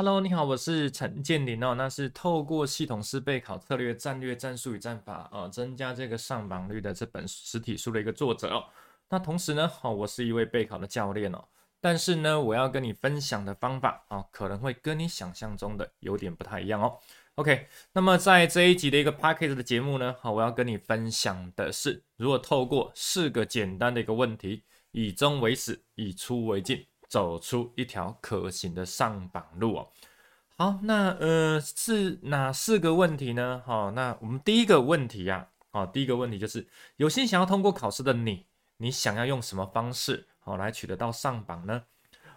Hello，你好，我是陳建霖哦，那是透過系統式備考策略、戰略、戰術與戰法，呃、哦，增加這個上榜率的這本實體書的一個作者哦。那同時呢，哦，我是一位備考的教練哦，但是呢，我要跟你分享的方法啊、哦，可能會跟你想象中的有點不太一樣哦。OK，那麼在這一集的一個 Podcast 的節目呢，好、哦，我要跟你分享的是，如何透過四個簡單的一個問題，以終為始，以出為進。走出一條可行的上榜路哦。好，那呃是哪四個問題呢？好、哦，那我們第一個問題呀、啊，好、哦，第一個問題就是有心想要通過考試的你，你想要用什麼方式好、哦、來取得到上榜呢？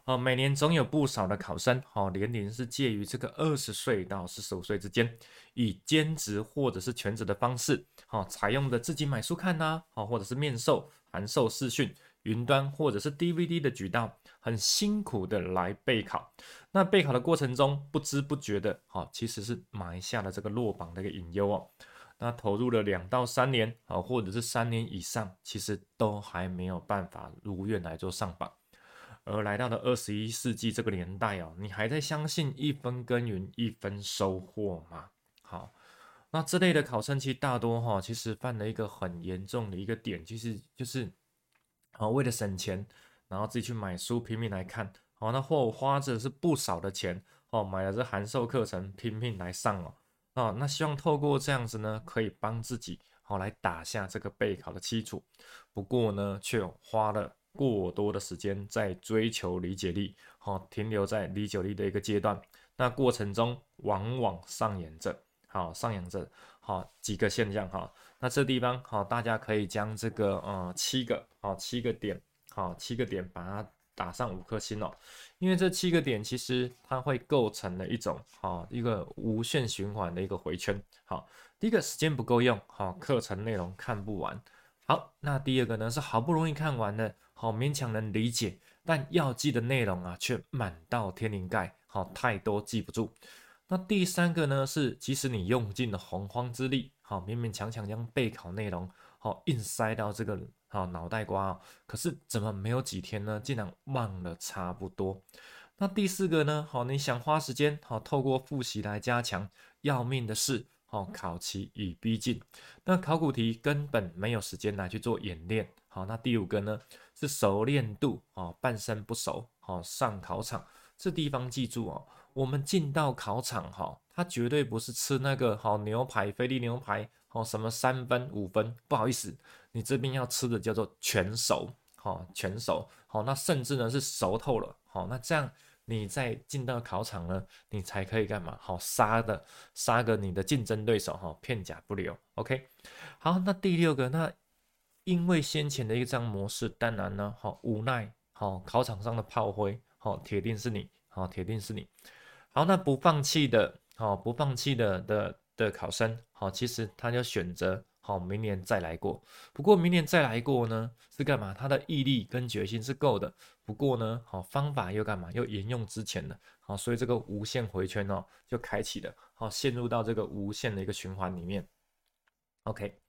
好、哦，每年總有不少的考生哦，年齡是介於這個二十歲到四十五歲之間，以兼職或者是全職的方式好、哦，採用的自己買書看吶、啊，好、哦，或者是面授、函授、視訊。雲端或者是 DVD 的渠道，很辛苦的來備考。那備考的過程中，不知不覺的，哈，其實是埋下了這個落榜的一個隱憂哦。那投入了兩到三年，啊，或者是三年以上，其實都還沒有辦法如願來做上榜。而來到了二十一世紀這個年代哦，你還在相信一分耕耘一分收穫嗎？好，那這類的考生，其實大多哈、哦，其實犯了一個很嚴重的一個點，就是就是。哦，為了省錢，然後自己去買書，拼命來看。哦，那或花着是不少的錢哦，買了這函授課程，拼命來上哦。啊，那希望透過這樣子呢，可以幫自己哦來打下這個備考的基礎。不過呢，卻花了過多的時間在追求理解力，哦，停留在理解力的一個階段。那過程中往往上演着。好，上演著，好幾個現象哈。那這地方好，大家可以將這個呃七個好、哦、七個點好、哦、七個點把它打上五顆星哦，因為這七個點其實它會構成了一種好、哦、一個無限循環的一個迴圈。好，第一個時間不夠用，好、哦、課程內容看不完。好，那第二個呢是好不容易看完了，好、哦、勉強能理解，但要記的內容啊卻滿到天靈蓋，好、哦、太多記不住。那第三個呢是，即使你用盡了洪荒之力，好，勉勉強強將備考內容，好，硬塞到這個好腦袋瓜，可是怎麼沒有幾天呢，竟然忘了差不多。那第四個呢，好，你想花時間，好，透過複習來加強，要命的是，好，考期已逼近，那考古題根本沒有時間來去做演練，好，那第五個呢是熟練度啊，半生不熟，好，上考場這地方記住我們進到考場哈，他絕對不是吃那個好牛排，菲力牛排，什麼三分、五分，不好意思，你這邊要吃的叫做全熟，全熟好，那甚至呢是熟透了好，那這樣你再進到考場呢，你才可以幹嘛？好，殺的殺個你的競爭對手哈，片甲不留。OK，好，那第六個，那因為先前的一個模式，當然呢，好無奈，好，考場上的炮灰，好，鐵定是你，好，鐵定是你。好，那不放棄的，哦，不放棄的的的考生，好、哦，其實他就選擇好、哦、明年再來過。不過明年再來過呢，是幹嘛？他的毅力跟決心是夠的。不過呢，好、哦、方法又幹嘛？又沿用之前的，好，所以這個無限回圈哦就開啟了，好、哦、陷入到這個無限的一個循環裡面。OK，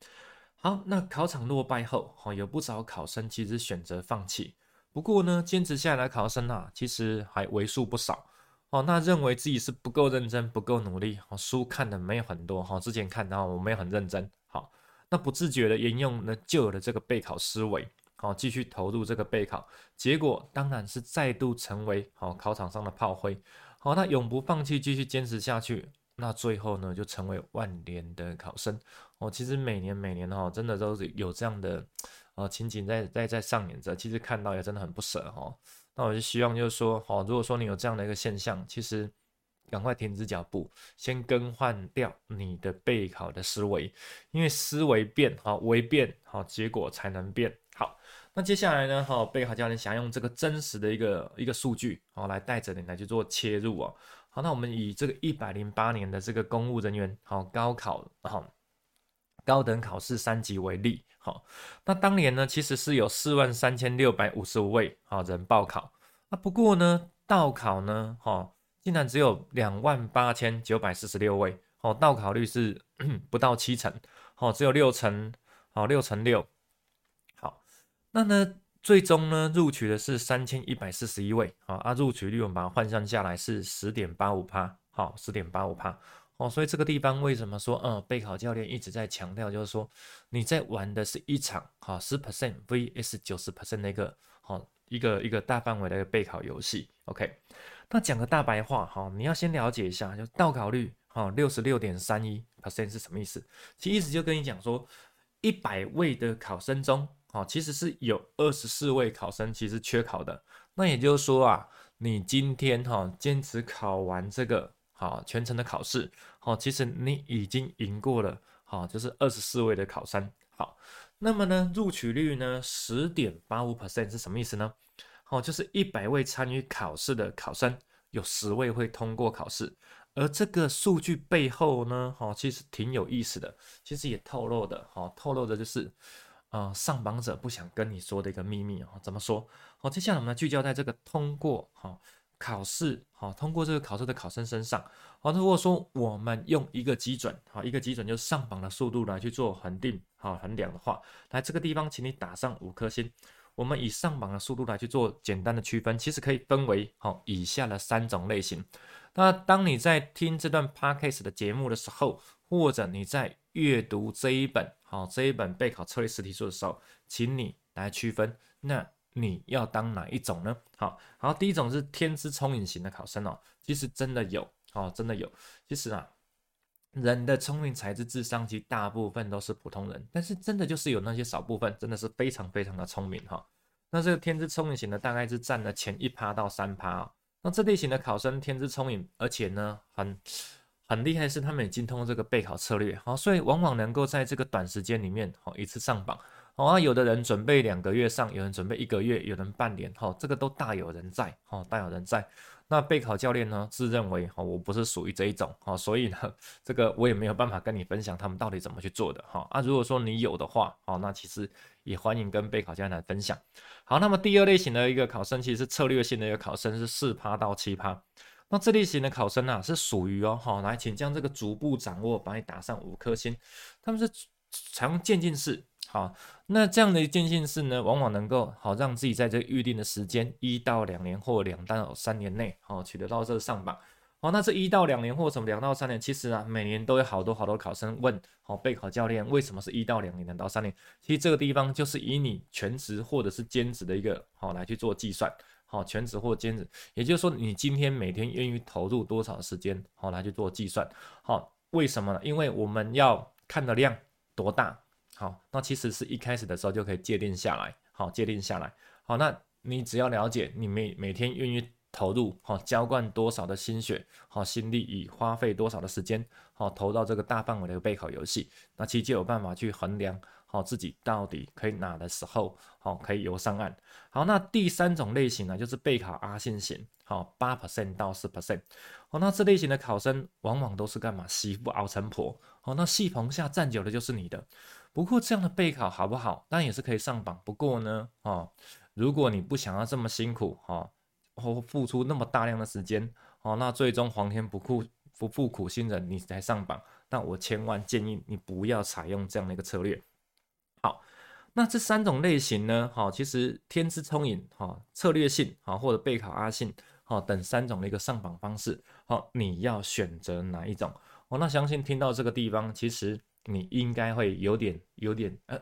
好，那考場落敗後，好、哦、有不少考生其實選擇放棄。不過呢，堅持下來的考生啊，其實還為數不少。哦，那認為自己是不夠認真，不夠努力，哈、哦，書看的沒有很多，哈、哦，之前看的我沒有很認真，好，那不自覺的沿用呢了舊的這個備考思維，好、哦，繼續投入這個備考，結果當然是再度成為好、哦、考場上的炮灰，好、哦，那永不放棄，繼續堅持下去，那最後呢就成為萬年的考生，哦，其實每年每年哈、哦，真的都是有這樣的，呃、哦，情景在在在上演着，其實看到也真的很不捨哈。哦那我就希望就是說，哦，如果說你有這樣的一個現象，其實趕快停止腳步，先更換掉你的備考的思維，因為思維變，好，為變，好，結果才能變，好。那接下來呢，哈，備考教練想用這個真實的一個一個數據，哦，來帶着你來去做切入哦，好，那我們以這個一百零八年的這個公務人員，好，高考，好。高等考試三級為例，好，那當年呢，其實是有四萬三千六百五十五位啊人報考，啊不過呢，到考呢，哈、哦，竟然只有兩萬八千九百四十六位，哦，到考率是不到七成，哦，只有六成，好，六成六。好，那呢，最終呢，錄取的是三千一百四十一位，啊啊，錄取率我們把它換算下來是十點八五趴，好，十點八五趴。哦，所以這個地方為什麼說，嗯、呃，備考教練一直在強調，就是說你在玩的是一場哈十 percent vs 九十 percent 的一個好、哦、一個一個大範圍的一個備考遊戲。OK，那講個大白話哈、哦，你要先了解一下，就到考率哈六十六點三一 percent 是什麼意思？其實意思就跟你講說，一百位的考生中，哈、哦、其實是有二十四位考生其實缺考的。那也就是說啊，你今天哈、哦、堅持考完這個好、哦、全程的考試。哦，其實你已經贏過了，好，就是二十四位的考生，好，那麼呢，錄取率呢，十點八五 percent 是什麼意思呢？哦，就是一百位參與考試的考生，有十位會通過考試，而這個數據背後呢，哈，其實挺有意思的，其實也透露的，哈，透露的就是，呃，上榜者不想跟你說的一個秘密啊，怎麼說？哦，接下來我們聚焦在這個通過，哈。考試，好，通過這個考試的考生身上，好，如果說我們用一個基準，好，一個基準就是上榜的速度來去做恆定，好，衡量的話，來這個地方，請你打上五顆星。我們以上榜的速度來去做簡單的區分，其實可以分為好以下的三種類型。那當你在聽這段 Podcast 的節目的時候，或者你在閱讀這一本好這一本備考策略實體書的時候，請你來區分那，你要當哪一種呢？好，好，第一種是天資聰穎型的考生哦，其實真的有哦，真的有。其實啊，人的聰明才智、智商，其實大部分都是普通人，但是真的就是有那些少部分，真的是非常非常的聰明哈、哦。那這個天資聰穎型的，大概是占了前一趴到三趴、哦。那這類型的考生天資聰穎，而且呢很很厲害，是他們已經通過這個備考策略哈、哦，所以往往能夠在這個短時間裡面，好、哦、一次上榜。好、哦、啊，有的人準備兩個月上，有人準備一個月，有人半年，好、哦，這個都大有人在，好、哦，大有人在。那備考教練呢，自認為哈、哦，我不是屬於這一種，哈、哦，所以呢，這個我也沒有辦法跟你分享他們到底怎麼去做的，哈、哦。啊，如果說你有的話，哦，那其實也歡迎跟備考教練分享。好，那麼第二類型的一個考生，其實是策略性的一個考生是4，是四趴到七趴。那這類型的考生呢、啊，是屬於哦，好、哦，來，請將這個逐步掌握，把你打上五顆星。他們是採用漸進式。好，那這樣的一件件事呢，往往能夠好讓自己在這個預定的時間一到兩年或兩到三年內好，好取得到這個上榜。好，那這一到兩年或什麼兩到三年，其實啊，每年都有好多好多考生問，好備考教練為什麼是一到兩年兩到三年？其實這個地方就是以你全職或者是兼職的一個好來去做計算。好，全職或兼職，也就是說你今天每天願意投入多少時間好，好來去做計算。好，為什麼呢？因為我們要看的量多大。好，那其實是一開始的時候就可以界定下來。好，界定下來。好，那你只要了解你每每天願意投入，好、哦、澆灌多少的心血，好、哦、心力以花費多少的時間，好、哦、投到這個大範圍的備考遊戲，那其實就有辦法去衡量。好，自己到底可以哪的時候，好，可以游上岸？好，那第三種類型呢，就是備考阿信型，好，八 percent 到十 percent，那這類型的考生往往都是幹嘛？媳婦熬成婆，哦，那戲棚下站久了就是你的。不過這樣的備考好不好？但也是可以上榜。不過呢，啊，如果你不想要這麼辛苦，哈，或付出那麼大量的時間，哦，那最終皇天不負不負苦心人，你才上榜。那我千萬建議你不要採用這樣的一個策略。那這三種類型呢？哈，其實天資聰穎，哈，策略性，哈，或者備考阿信，哈，等三種的一個上榜方式，好，你要選擇哪一種？哦，那相信聽到這個地方，其實你應該會有點有點呃，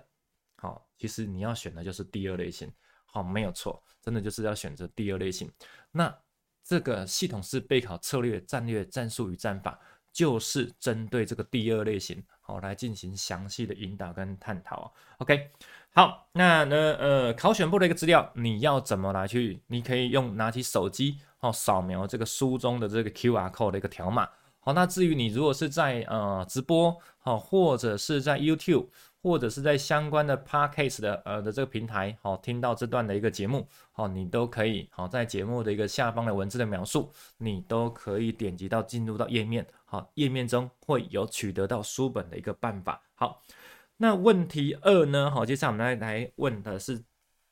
好，其實你要選的就是第二類型，好，沒有錯，真的就是要選擇第二類型。那這個系統式備考策略、戰略、戰術與戰法。就是針對這個第二類型，好，來進行詳細的引導跟探討。OK，好，那那呃考選部的一個資料，你要怎麼來去？你可以用拿起手機哦，掃描這個書中的這個 QR Code 的一個條碼。好，那至於你如果是在呃直播，好，或者是在 YouTube 或者是在相關的 Podcast 的呃的這個平台，好，聽到這段的一個節目，好、哦、你都可以好、哦、在節目的一個下方的文字的描述，你都可以點擊到進入到頁面。好，頁面中會有取得到書本的一個辦法。好，那問題二呢？好，接下來我們來來問的是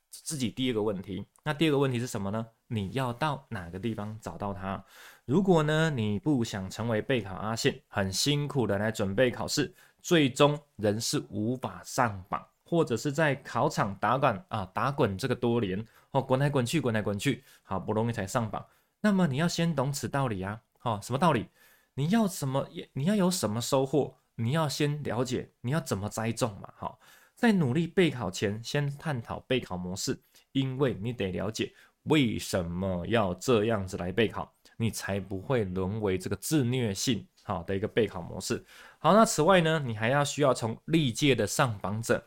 自己第二個問題。那第二個問題是什麼呢？你要到哪個地方找到它？如果呢，你不想成為備考阿信，很辛苦的來準備考試，最終仍是無法上榜，或者是在考場打滾啊打滾這個多年，哦，滾來滾去，滾來滾去，好不容易才上榜。那麼你要先懂此道理啊！好、哦，什麼道理？你要怎麼？你要有什麼收穫？你要先了解你要怎麼栽種嘛。哈，在努力備考前，先探討備考模式，因為你得了解為什麼要這樣子來備考，你才不會淪為這個自虐性好的一個備考模式。好，那此外呢，你還要需要從歷屆的上榜者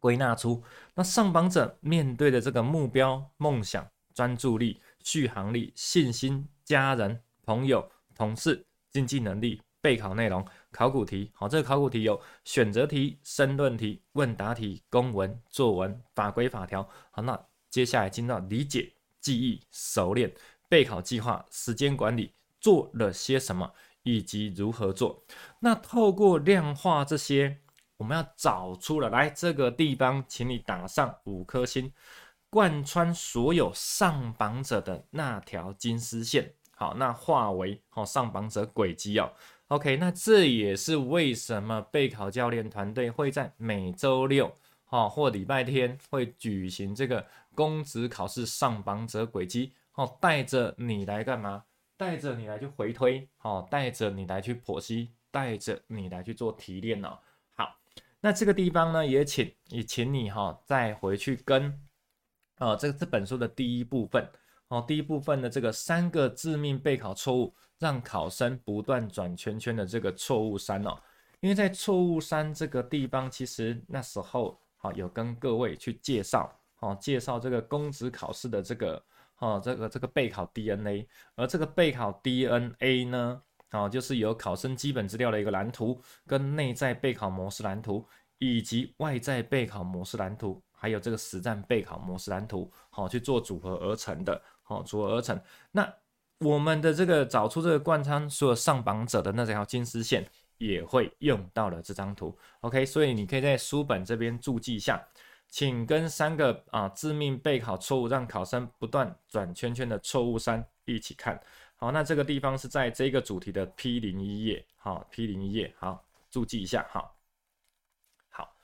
歸納出那上榜者面對的這個目標、夢想、專注力、續航力、信心、家人、朋友、同事、經濟能力、備考內容、考古題，好，這個考古題有選擇題、申論題、問答題、公文、作文、法規法條，好，那接下來進入到理解、記憶、熟練、備考計劃、時間管理做了些什麼以及如何做，那透過量化這些，我們要找出了來這個地方，請你打上五顆星，貫穿所有上榜者的那條金絲線。好，那化為哈、哦、上榜者軌跡哦。OK，那這也是為什麼備考教練團隊會在每周六哈、哦、或禮拜天會舉行這個公職考試上榜者軌跡哦，帶着你來幹嘛？帶着你來去回推哦，帶着你來去剖析，帶着你來去做提煉呢、哦。好，那這個地方呢，也請也請你哈、哦、再回去跟呃這個這本書的第一部分。哦，第一部分的這個三個致命備考錯誤，讓考生不斷轉圈圈的這個錯誤三哦，因為在錯誤三這個地方，其實那時候啊，哦，有跟各位去介紹哦，介紹這個公職考試的這個哦這個這個備考 DNA，而這個備考 DNA 呢哦，就是有考生基本資料的一個藍圖，跟內在備考模式藍圖，以及外在備考模式藍圖。還有這個實戰備考模式藍圖，好、哦、去做組合而成的，好、哦、組合而成。那我們的這個找出這個貫穿所有上榜者的那條金絲線，也會用到了這張圖。OK，所以你可以在書本這邊注記一下，請跟三個啊致命備考錯誤讓考生不斷轉圈圈的錯誤三一起看。好，那這個地方是在這一個主題的 P 零一頁，好 P 零一頁，好注記一下，哈。好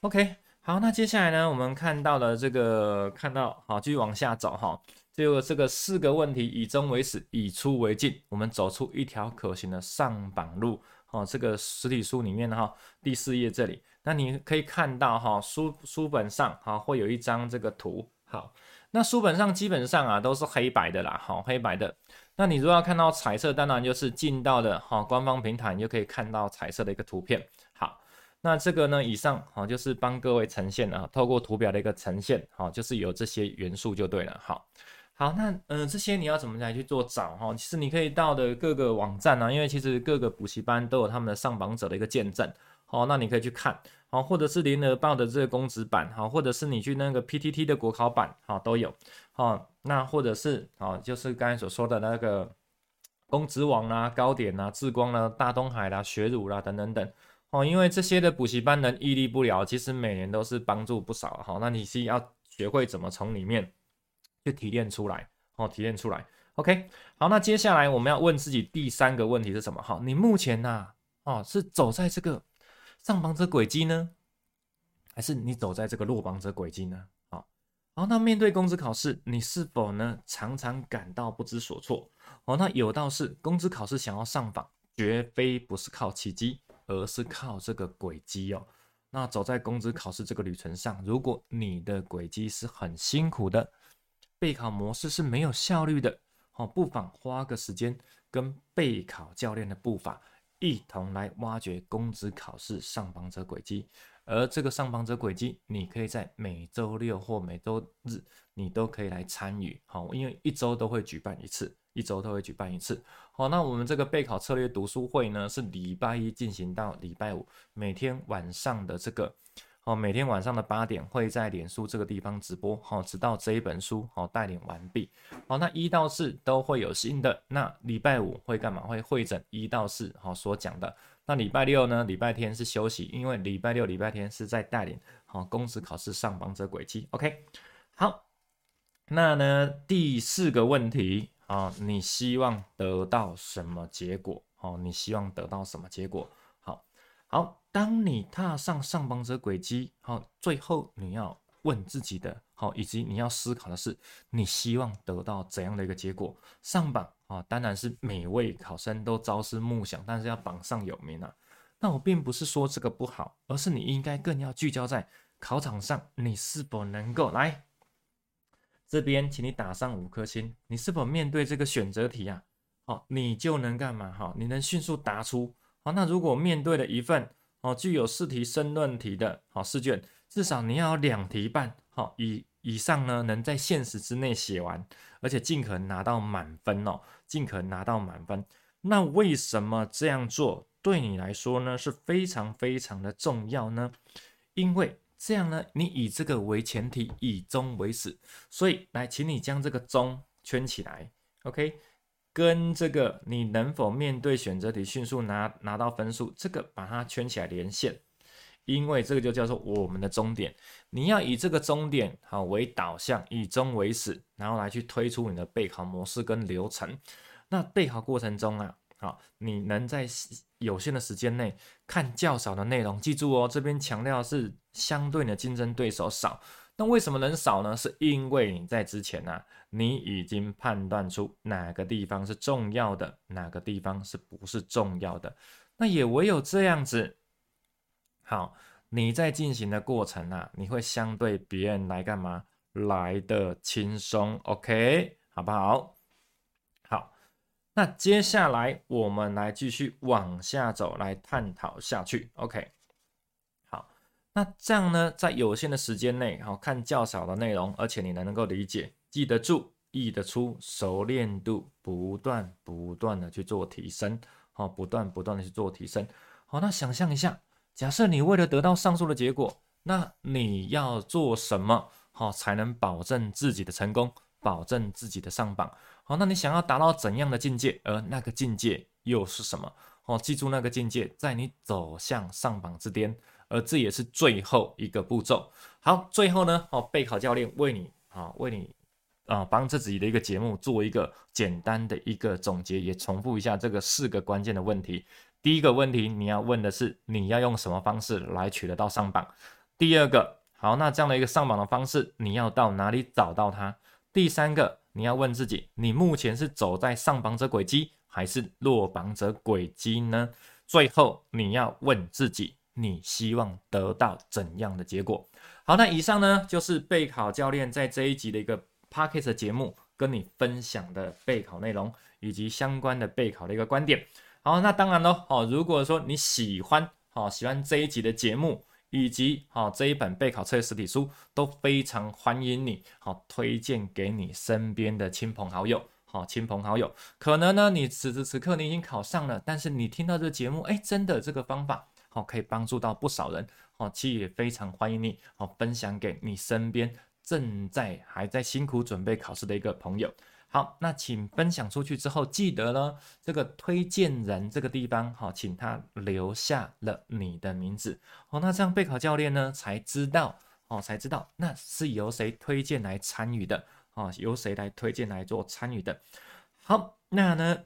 OK。好，那接下來呢，我們看到了這個，看到好，繼續往下走哈。這這個四個問題，以終為始，以出為進，我們走出一條可行的上榜路。哦，這個實體書裡面哈第四頁這裡，那你可以看到哈書書本上哈會有一張這個圖。好，那書本上基本上啊都是黑白的啦。好，黑白的。那你如果要看到彩色，當然就是進到的哈官方平台，你就可以看到彩色的一個圖片。那這個呢？以上好、哦，就是幫各位呈現啊，透過圖表的一個呈現，好、啊，就是有這些元素就對了。好、啊，好，那嗯、呃，這些你要怎麼來去做找哈、啊？其實你可以到的各個網站呢、啊，因為其實各個補習班都有他們的上榜者的一個見證，好、啊，那你可以去看，好、啊，或者是林合報的這個公子版，好、啊，或者是你去那個 P T T 的國考版，好、啊，都有，好、啊，那或者是好、啊，就是剛才所說的那個公子網啦、高點啦、啊、智光啦、啊、大東海啦、啊、學儒啦等等等。哦，因為這些的補習班人屹立不了，其實每年都是幫助不少哈。那你是要學會怎麼從裡面去提煉出來哦，提煉出來。OK，好，那接下來我們要問自己第三個問題是什麼？哈，你目前呢，哦，是走在這個上榜者軌跡呢，還是你走在這個落榜者軌跡呢？啊，好，那面對公職考試，你是否呢常常感到不知所措？哦，那有道是，公職考試想要上榜，絕非不是靠奇蹟。而是靠這個軌跡哦。那走在公職考試這個旅程上，如果你的軌跡是很辛苦的，備考模式是沒有效率的哦，不妨花個時間跟備考教練的步伐，一同來挖掘公職考試上榜者軌跡。而這個上榜者軌跡，你可以在每週六或每週日，你都可以來參與哦，因為一週都會舉辦一次。一周都會舉辦一次。好，那我們這個備考策略讀書會呢，是禮拜一進行到禮拜五，每天晚上的這個，好，每天晚上的八點會在臉書這個地方直播，好，直到這一本書好帶領完畢。好，那一到四都會有新的，那禮拜五會幹嘛？會會診一到四好所講的。那禮拜六呢？禮拜天是休息，因為禮拜六、禮拜天是在帶領好公職考試上榜者軌跡。OK，好，那呢，第四個問題。啊，你希望得到什麼結果？哦、啊，你希望得到什麼結果？好好，當你踏上上榜者軌跡，好、啊，最後你要問自己的好、啊，以及你要思考的是，你希望得到怎樣的一個結果？上榜啊，當然是每位考生都朝思暮想，但是要榜上有名啊。那我並不是說這個不好，而是你應該更要聚焦在考場上，你是否能夠來？這邊，請你打上五顆星。你是否面對這個選擇題啊？好、哦，你就能幹嘛？哈，你能迅速答出。好、哦，那如果面對了一份哦具有試題申論題的好試、哦、卷，至少你要兩題半，好、哦、以以上呢，能在限時之內寫完，而且盡可能拿到滿分哦，盡可能拿到滿分。那為什麼這樣做對你來說呢是非常非常的重要呢？因爲。這樣呢，你以這個為前提，以終為始，所以來，請你將這個終圈起來，OK？跟這個你能否面對選擇題迅速拿拿到分數，這個把它圈起來連線，因為這個就叫做我們的終點。你要以這個終點好為導向，以終為始，然後來去推出你的備考模式跟流程。那備考過程中啊。好，你能在有限的時間內看較少的內容，記住哦，這邊強調是相對的競爭對手少。那為什麼能少呢？是因為你在之前呢、啊，你已經判斷出哪個地方是重要的，哪個地方是不是重要的。那也唯有這樣子，好，你在進行的過程啊，你會相對別人來幹嘛？來得輕鬆？OK，好不好？那接下來我們來繼續往下走，來探討下去。OK，好，那這樣呢，在有限的時間內，好，看較少的內容，而且你能夠理解、記得住、憶得出，熟練度不斷不斷的去做提升，好，不斷不斷的去做提升。好，那想象一下，假設你為了得到上述的結果，那你要做什麼，好，才能保證自己的成功，保證自己的上榜？好、哦，那你想要達到怎樣的境界？而那個境界又是什麼？哦，記住那個境界，在你走向上榜之巔，而這也是最後一個步驟。好，最後呢，哦，備考教練為你啊、哦，為你啊，幫、呃、自己的一個節目做一個簡單的一個總結，也重複一下這個四個關鍵的問題。第一個問題，你要問的是，你要用什麼方式來取得到上榜？第二個，好，那這樣的一個上榜的方式，你要到哪裡找到它？第三個。你要問自己，你目前是走在上榜者軌迹還是落榜者軌迹呢？最後，你要問自己，你希望得到怎樣的結果？好，那以上呢就是備考教練在這一集的一個 Podcast 節目跟你分享的備考內容以及相關的備考的一個觀點。好，那當然嘍，哦，如果說你喜歡，好，喜歡這一集的節目。以及哈、哦、這一本備考冊實體書都非常歡迎你，好、哦、推薦給你身邊的親朋好友。好、哦、親朋好友，可能呢你此時此刻你已經考上了，但是你聽到這個節目，哎、欸，真的這個方法好、哦、可以幫助到不少人。好、哦，其實也非常歡迎你，好、哦、分享給你身邊正在還在辛苦準備考試的一個朋友。好，那請分享出去之後，記得呢這個推薦人這個地方，哈，請他留下了你的名字哦。那這樣備考教練呢才知道哦，才知道那是由誰推薦來參與的啊、哦，由誰來推薦來做參與的。好，那呢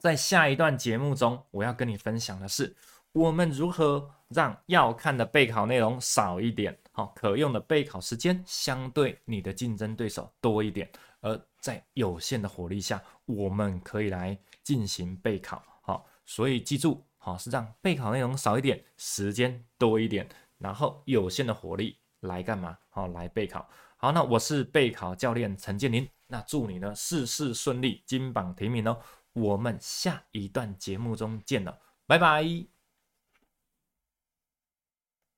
在下一段節目中，我要跟你分享的是，我們如何讓要看的備考內容少一點，好、哦，可用的備考時間相對你的競爭對手多一點，而。在有限的火力下，我們可以來進行備考，好，所以記住，好是這樣，備考內容少一點，時間多一點，然後有限的火力來幹嘛？好，來備考。好，那我是備考教練陳建霖，那祝你呢事事順利，金榜題名哦。我們下一段節目中見了，拜拜。